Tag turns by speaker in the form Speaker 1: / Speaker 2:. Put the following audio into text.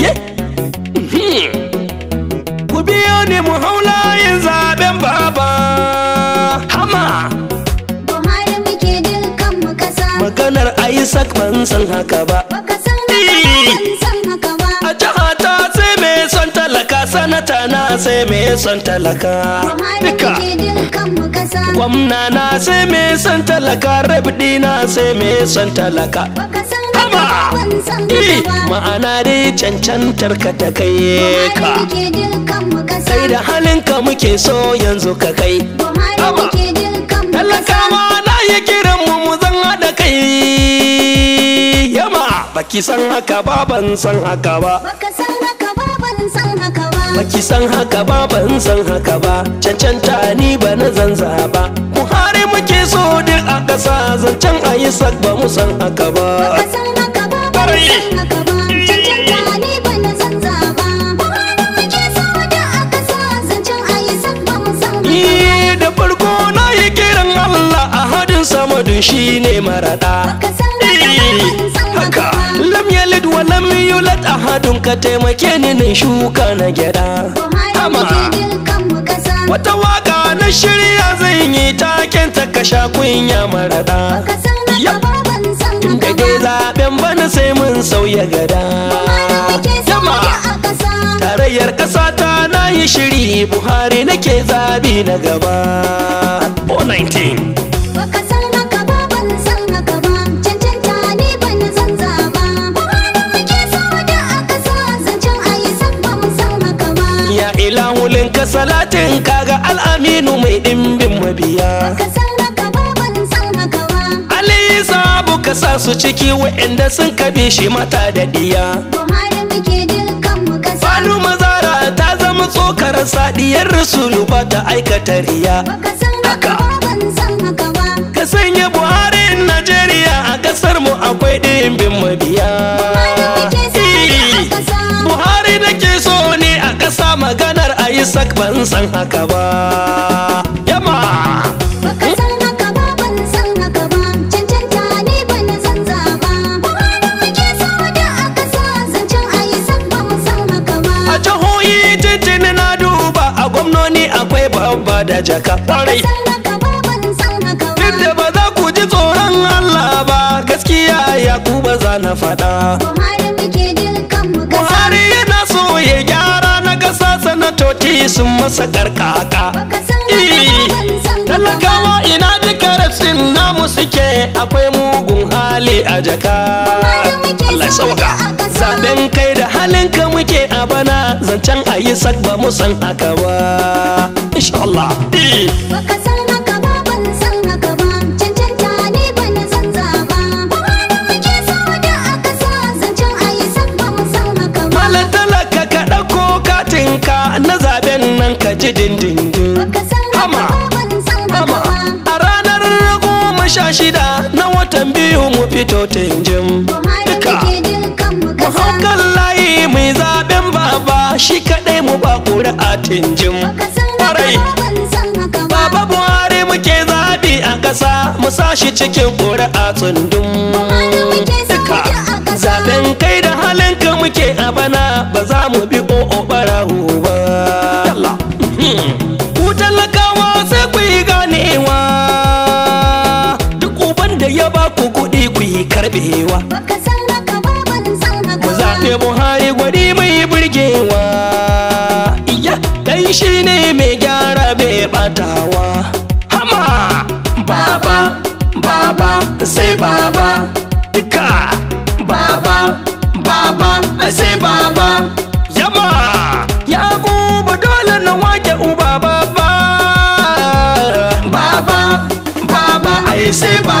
Speaker 1: Hmm. ku biyo ni mu haula yin zaben baba hama buhari muke dukkan mu kasa maganar isaac ban san haka ba a jihata sai me son talaka sanata na sai me son talaka duka gwamna na sai me son talaka rabdi na sai me son talaka Eh, ma'ana dai cancantar ka ta kai ka sai da halin ka muke so yanzu ka kai talakawa na yi kiran mu mu zan haɗa kai yama baki san haka ba ban san haka ba baki san haka ba ban san haka ba cancanta ni ba na zanza ba buhari muke so duk a ƙasa zancen a yi sak ba mu san haka ba shine marada eh, haka lam yalid wa lam yulad ahadun ka taimake ni ne shuka na gyada amma wata waka na shirya zan yi taken ta kasha kunya marada inda dai zaben bana sai mun sauya gada tarayyar kasa ta na yi shiri buhari nake zabi na gaba 419 ilahulin ka salatin kaga al'aminu mai dimbin mabiya Ali sabu ka sa su ciki inda sun kabe shi mata da diya falu mazara ta zama tsokar sadiyar rasulu ba ta aikata riya Ka sanya in Najeriya a kasar mu akwai dimbin mabiya Buhari nake so yasa maganar a yi sak ban san haka ba yama baka san haka ban ba da a san a jihohi na duba a gwamnoni akwai babba da jaka da ba za ku ji tsoron Allah ba gaskiya ya ku ba za na faɗa Buhari yana so gyara ƙasa sanatoci sun masa karkaka talakawa ina duka rafsin namu suke akwai mugun hali a jaka Allah zaben kai da halin ka muke a bana zancen ayi sak ba mu san ba insha Allah din din hama hama a ranar goma sha shida na watan biyu mu fito tinjin duka mu haukan layi mai zaben baba shi kadai mu ba kura a tinjin ƙwarai baba buhari muke zaɓi a kasa mu sa shi cikin kura a tsundun zaben kai da halinka muke a bana ba za mu bi rabewa baka ba ban san mu zaɓe buhari gwari mai burgewa iya dan shi ne mai gyara bai batawa hama baba baba sai baba duka baba baba sai baba yama ya ba dole na wake uba baba baba baba ai sai baba